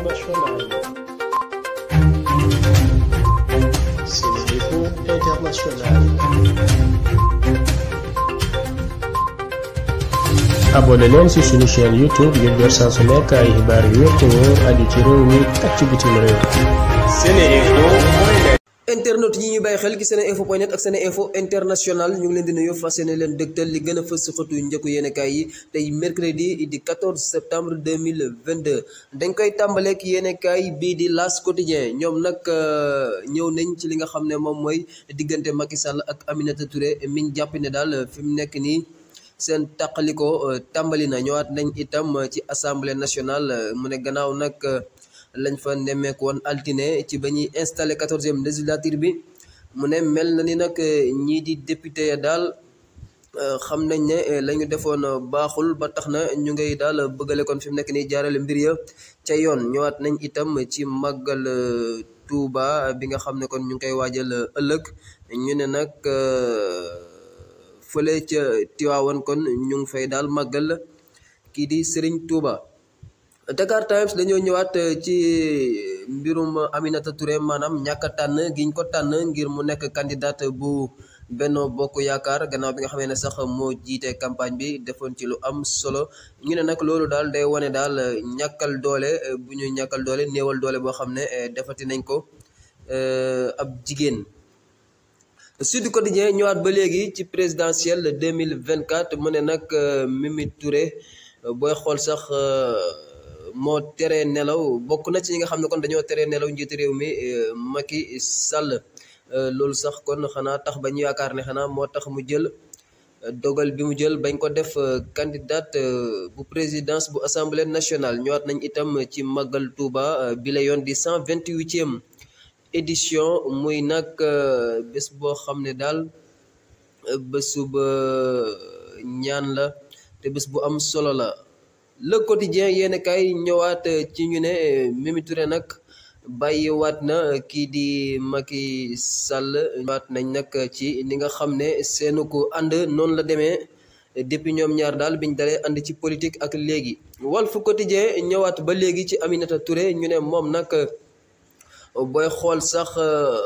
internationale. Sénéinfo International. abonné leen ci suñu YouTube ngir jot saa su nekk ay xibaar yu wér te wóor aju ci réew mi ak internet yi ñu bàyyi xel seen info point net ak seen info international ñu ngi leen di nuyu fas yéene leen dëgtal li gën a fës si xëtu njëkku yéenekaay yi tey mercredi di 14 septembre 2022 dañ koy tàmbaleek yéenekaay bii di L'As quotidien ñoom nag euh, ñëw nañ ci li nga xam ne moom mooy diggante Macky Sall ak Aminata ture miñ jàpp ne daal fi mu nekk nii seen tàqaliko euh, tàmbali na ñëwaat nañ itam ci assemblée nationale euh, mu ne gannaaw nag lañ fa nemmeeku woon altine ci ba ñuy installé quatorzième législature bi mu ne mel na ni nag eh, ñii di député ya daal eh, xam nañ ne eh, lañu ñu defoon baaxul ba tax na ñu ngay daal bëggale kon fi mu nekk nii jaarale mbir ya ca yoon ñëwaat nañ itam ci màggal tuuba bi nga xam ne kon ñu ngi koy waajal ëllëg ñu ne nag fële ca Tiwaawan kon ñu ngi fay daal màggal kii di sëriñ Touba. Dakar Times dañoo ñëwaat eh, ci eh, mbirum Aminata Touré maanaam ñàkk tànn giñ ko tànn ngir mu nekk candidate bu benn Bokk Yaakaar gannaaw bi nga xamee ne sax moo jiite campagne bi defoon ci lu am solo ñu ne nag loolu daal day wane daal eh, ñàkkal doole bu ñu ñàkkal doole néewal doole boo xam ne defati nañ ko ab jigéen. Sud Quotidien ñëwaat ba léegi ci présidentielle 2024 mu ne nag Mimi Touré booy xool sax. moo teree nelaw bokk na ci ñi nga xam ne kon dañoo teree nelaw njiitu réew mi euh, Macky Sall euh, loolu sax kon xanaa tax ba ñu yaakaar ne xanaa moo tax mu jël euh, dogal bi mu jël bañ ko def candidate bu présidence bu assemblée nationale ñëwaat nañ itam ci màggal Touba bi la yoon di cent vingt huitième édition muy nag bés boo xam ne daal bésu ba ñaan la te bés bu am solo la. le quotidien yéen kay ñëwaat ci ñu ne Mimi Touré nag bàyyiwaat na kii di Macky Sall waat nañ nag ci ni nga xam ne seenu ko ànd noonu la demee depuis ñoom ñaar daal biñ dalee ànd ci politique ak léegi. Walf Quotidien ñëwaat ba léegi ci Aminata ture ñu ne moom nag booy xool sax. Euh,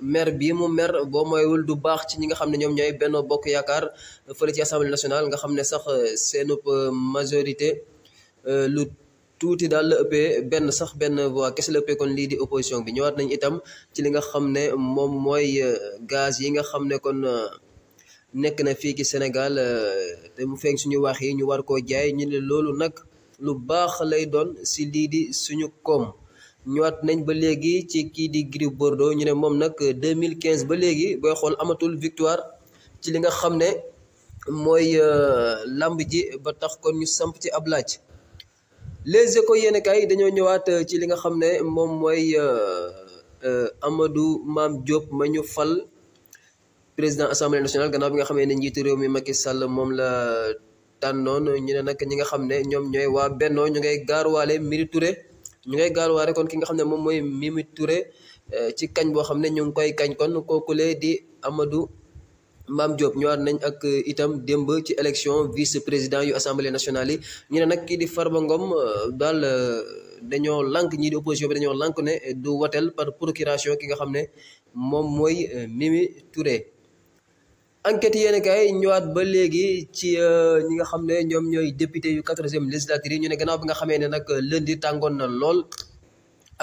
mer bii mu mer boo mooywul du baax ci ñi nga xam ne ñoom ñooy benn Bokk Yaakaar fële ci assemblée nationale nga xam ne sax euh, seenub euh, majorité euh, lu tuuti daal la ëppee benn sax benn voix kese la ëppee kon lii di opposition bi ñëwaat nañ itam ci li nga xam ne moom mooy gaz yi nga xam ne kon nekk na fii ci Sénégal te mu feeñ suñu wax yi ñu war koo jaay ñu ne loolu nag lu baax lay doon si lii di suñu koom ñëwaat nañ ba léegi ci kii di Gris Bordeaux ñu ne moom nag 2015 ba léegi booy xool amatul victoire ci li nga xam ne mooy euh, làmb ji ba tax kon ñu samp ci ab laaj les éco yéen kay dañoo ñëwaat euh, ci li nga xam ne moom mooy euh, Amadou Mame Diop ma ñu fal président assemblée nationale gannaaw bi nga xamee ne njiitu réew mi Macky Sall moom la tànnoon ñu ne nag ñi nga xam ne ñoom ñooy waa Benno ñu ngay gaarwaale Mimi ñu ngay gaaruwaare kon ki nga xam ne moom mooy Mimi Touré eh, ci kañ boo xam ne ñu ngi koy kañ kon kookule di Amadou Mame Diop ñëwaat nañ ak eh, itam démb ci élection vice président yu assemblée nationale yi ñu ne nag kii di Farba Ngom eh, daal dañoo lank ñii di opposition bi dañoo lank ne du watel par procuration ki nga xam ne moom mooy Mimi Touré. enquête yéen kay ñëwaat ba léegi ci euh, ñi nga xam ne ñoom ñooy député yu quatorzième législature yi ñu ne gannaaw bi nga xamee ne nag lundi tàngoon na lool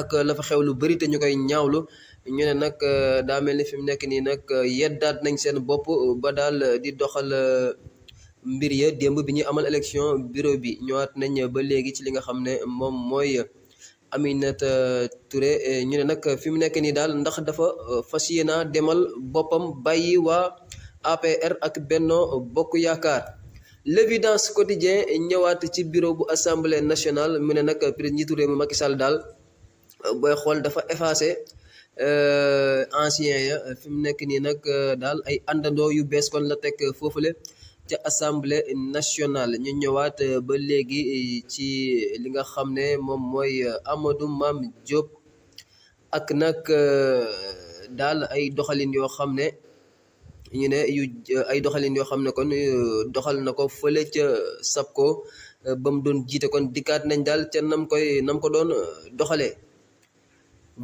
ak la xew lu bëri te ñu koy ñaawlu ñu ne nag euh, daa mel ni fi mu nekk nii nag euh, yeddaat nañ seen bopp ba daal di doxal mbir ya démb bi ñuy amal élection bureau bi ñëwaat nañ ba léegi ci li nga xam ne moom mooy Aminata Touré ñu ne nag fi mu nekk nii daal ndax dafa fas yéenaa demal boppam bàyyi waa. APR ak Benno Bokk Yaakaar l'évidence quotidien ñëwaat ci bureau bu assemblée nationale mu ne nag président njiitu réew mi Macky Sall daal booy xool dafa effacé euh, ancien ya fi mu nekk nii nag euh, daal ay àndandoo yu bees kon la teg le ca assemblée nationale ñu ñëwaat euh, ba léegi ci li nga xam ne moom mooy Amadou maam Diop ak nag daal ay doxalin yoo xam ne ñu ne yu euh, ay doxalin yoo xam ne kon euh, doxal na ko fële ca sab ko euh, mu doon jiite kon dikkaat nañ daal ca nam koy nam ko doon doxalee.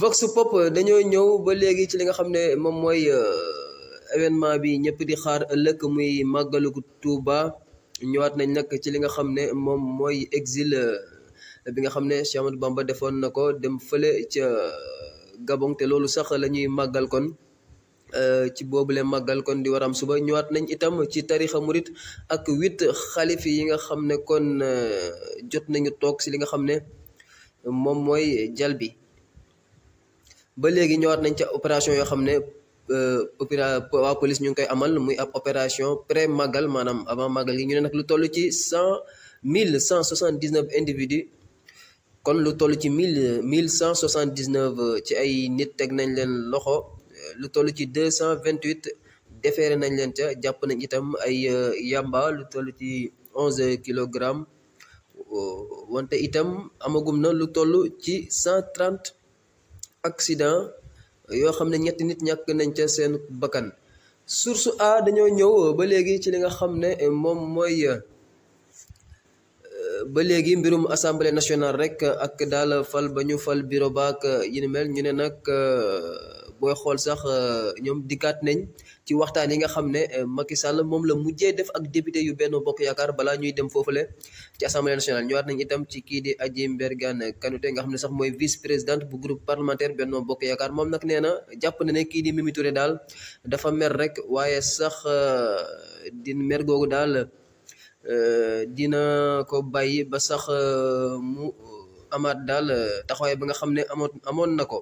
Vox Pop dañoo ñëw ba léegi ci li nga xam ne moom mooy événement bi ñëpp di xaar ëllëg muy màggalu Tuuba ñëwaat nañ nag ci li nga xam ne moom mooy exil bi nga xam ne Cheikh Ahmadou Bamba defoon na ko dem fële ca Gabon te loolu sax lañuy ñuy màggal kon. Euh, ci boobu boobule màggal kon di waram suba ñëwaat nañ itam ci tarixa murit ak huit xalif yi nga xam ne kon euh, jot nañu toog si li nga xam ne moom mooy jal bi ba léegi ñëwaat nañ ca opération yoo xam ne euh, waa police ñu ngi koy amal muy ab opération pré màggal maanaam avant màggal yi ñu ne nag lu toll ci cent mille cent soixante dix neuf individus kon lu toll ci mille mille cent soixante dix neuf ci ay nit teg nañ leen loxo lu toll ci deux cent vingt huit déféré nañ leen ca jàpp nañ itam ay euh, yamba lu toll ci onze kilogrammes euh, wante itam amagum na lu toll ci cent trente accident yoo xam ne ñetti nit ñàkk nañ ca seen bakkan source a dañoo ñëw ba léegi ci li nga xam ne moom mooy euh, ba léegi mbirum assemblée nationale rek ak daal fal ba ñu fal bureau baak yi ni mel ñu ne nag euh, booy xool sax euh, ñoom dikkaat nañ ci waxtaan yi nga xam ne euh, Macky Sall moom la mujjee def ak député yu benn bokk yaakaar balaa ñuy dem foofu le ci assemblée nationale ñëwaat nañ itam ci kii di Adji Mbergane Kanouté nga xam ne sax mooy vice président bu groupe parlementaire benn bokk yaakaar moom nag nee na jàpp na ne kii di Mimi Touré daal dafa mer rek waaye sax di mer googu daal. Euh, dina ko bàyyi ba sax euh, mu amaat daal euh, taxawaay ba nga xam ne amoon amoon na ko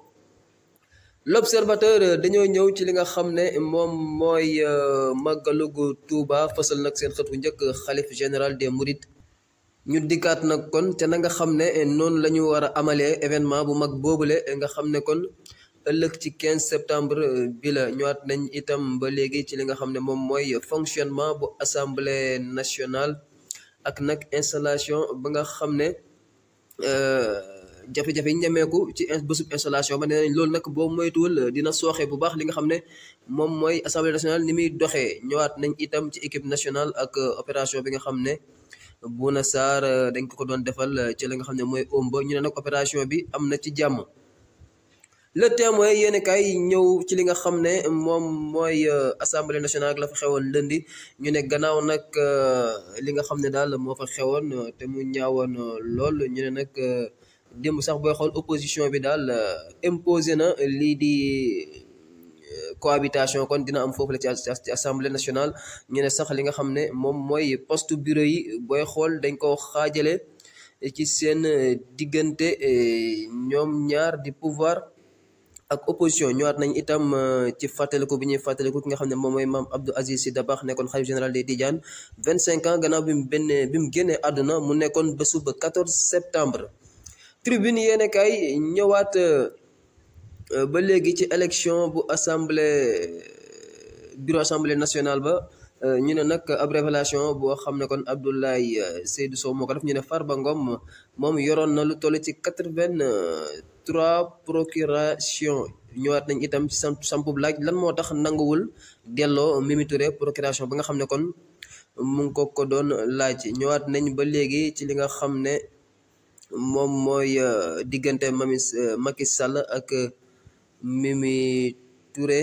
l'observateur dañoo ñëw ci li nga xam ne moom mooy màggalug Touba fasal nag seen xët bu njëkk xalif général des Mourides ñu dikkaat nag kon te na nga xam ne noonu la ñu war a amalee événement bu mag boobule nga xam ne kon ëllëg ci 15 septembre euh, bi la ñëwaat nañ itam ba léegi ci li nga xam ne moom mooy fonctionnement bu assemblée national ak nag installation ba nga xam ne euh, jafe-jafe yi ñemeeku ci bésub installation ba nee nañ loolu nag boo moytuwul euh, dina sooxe bu baax li nga xam ne moom mooy assemblée nationale ni muy doxee ñëwaat nañ itam ci équipe nationale ak opération bi nga xam ne. Bouna Sarr dañ ko ko doon defal ci li nga xam ne mooy omba ñu ne nag opération bi am na ci jàmm. le témoin yéen kay ñëw ci li nga xam ne moom mooy euh, assemblée nationale ak la fa xewoon lëndi ñu ne gannaaw nag euh, li nga xam ne daal moo fa xewoon euh, te mu ñaawoon lool ñu ne nag démb sax booy xool opposition bi daal imposé na lii di cohabitation kon dina am foofu la ci ci assemblée nationale ñu ne sax li nga xam ne moom mooy poste bureau yi booy xool dañ koo xaajale ci seen diggante ñoom ñaar di pouvoir. ak opposition ñëwaat nañu itam euh, ci ko bi ñuy fàttaliku ki nga xam ne moom mooy maam Abdou Aziz Sy Dabakh nekkoon xalif général des Tidianes vingt cinq ans gannaaw bi mu benn bi mu génnee àdduna mu nekkoon bésu ba 14 septembre tribune yéene kay ñëwaat euh, ba léegi ci élection bu assemblée bureau assemblée nationale ba ñu ne nag ab révélation boo xam ne kon Abdoulaye euh, Seydou Sow moo ko def ñu ne Farba Ngom moom yoroon na lu toll ci quatre-vingt-trois procuration ñëwaat nañ itam ci sampub laaj lan moo tax nanguwul delloo Mimi Touré procuration ba nga xam ne kon mu ko ko doon laaj ñëwaat nañ ba léegi ci li nga xam ne moom mooy euh, diggante Mami euh, Macky Sall ak Mimi Touré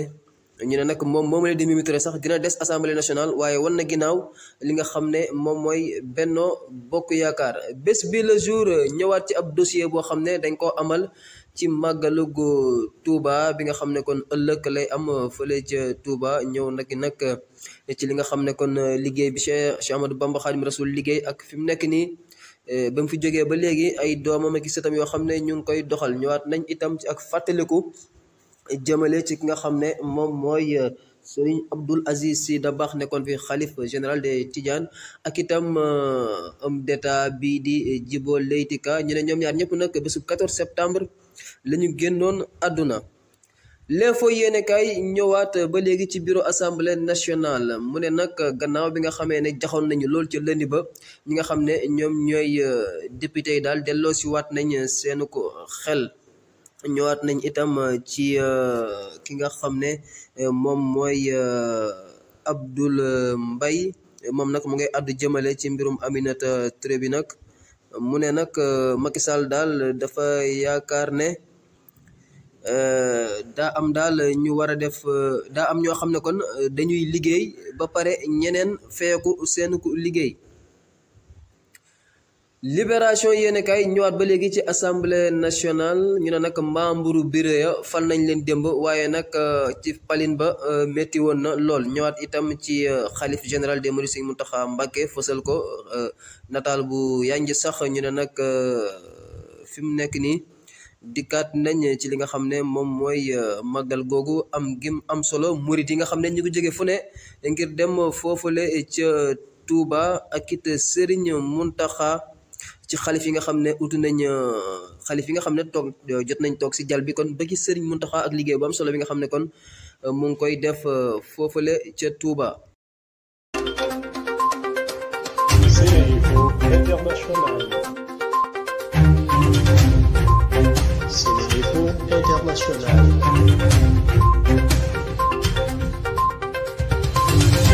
ñu ne nag moom moom la di Mimi Touré sax dina des assemblée nationale waaye war na ginnaaw li nga xam ne moom mooy Benno Bokk Yaakaar bés bi le jour ñëwaat ci ab dossier boo xam ne dañ koo amal ci màggalugu Touba bi nga xam ne kon ëllëg lay am fële ca Touba ñëw nag nag ci li nga xam ne kon liggéey bi Cheikh Cheikh Amadou Bamba Khadim Rasoul liggéey ak fi mu nekk nii eh, bam fi jógee ba léegi ay doomam ak sëtam yoo xam ne ñu ngi koy doxal ñëwaat nañ itam ci ak fàttaliku. jëmale ci ki nga xam ne moom mooy euh, sëriñ Abdul Aziz Sy Dabakh nekkoon fi xalif général de Tidiane ak itam euh, homme d'état bii di Djibo Leyti ñu ne ñoom ñaar ñëpp nag bésu 14 septembre lañu ñu génnoon àdduna l'info yéenekaay ñëwaat ba léegi ci bureau assemblée nationale mu ne nag gannaaw bi nga xamee ne jaxoon nañu lool ci lëndi ba ñi nga xam ne ñoom ñooy euh, député yi daal delloo si waat nañ seen ko xel ñëwaat nañ itam euh, ci euh, ki nga xam ne euh, moom mooy Abdoul mbay moom nag mu ngay àddu jëmale ci mbirum Aminata Touré bi nag mu ne nag Macky Sall daal dafa yaakaar ne daa am daal ñu war a def daa am ñoo xam ne kon dañuy liggéey ba pare ñeneen feeku seen liggéey libération yéeni kay ñëwaat ba léegi ci assemblée nationale ñu ne nag membre bureau ya fal nañ leen démb waaye nag euh, ci palin ba euh, métti woon na lool ñëwaat itam ci euh, xalif général des si Serigne taxa Mbacké fësal ko nataal bu yanj sax ñu ne nag fi mu nekk nii dikkaat nañ ci li nga xam ne moom mooy màggal googu am gim am solo murit yi nga xam ne ñu ngi jóge fu ne ngir dem foofale ca Touba ak it Serigne Mountakha ci xalif yi nga xam ne utu nañ euh, xalif yi nga xam ne toog euh, jot nañ toog si jal bi kon ba sëriñ Serigne Mountakha ak liggéey bu solo bi nga xam ne kon euh, mu ngi koy def foofale ca Touba.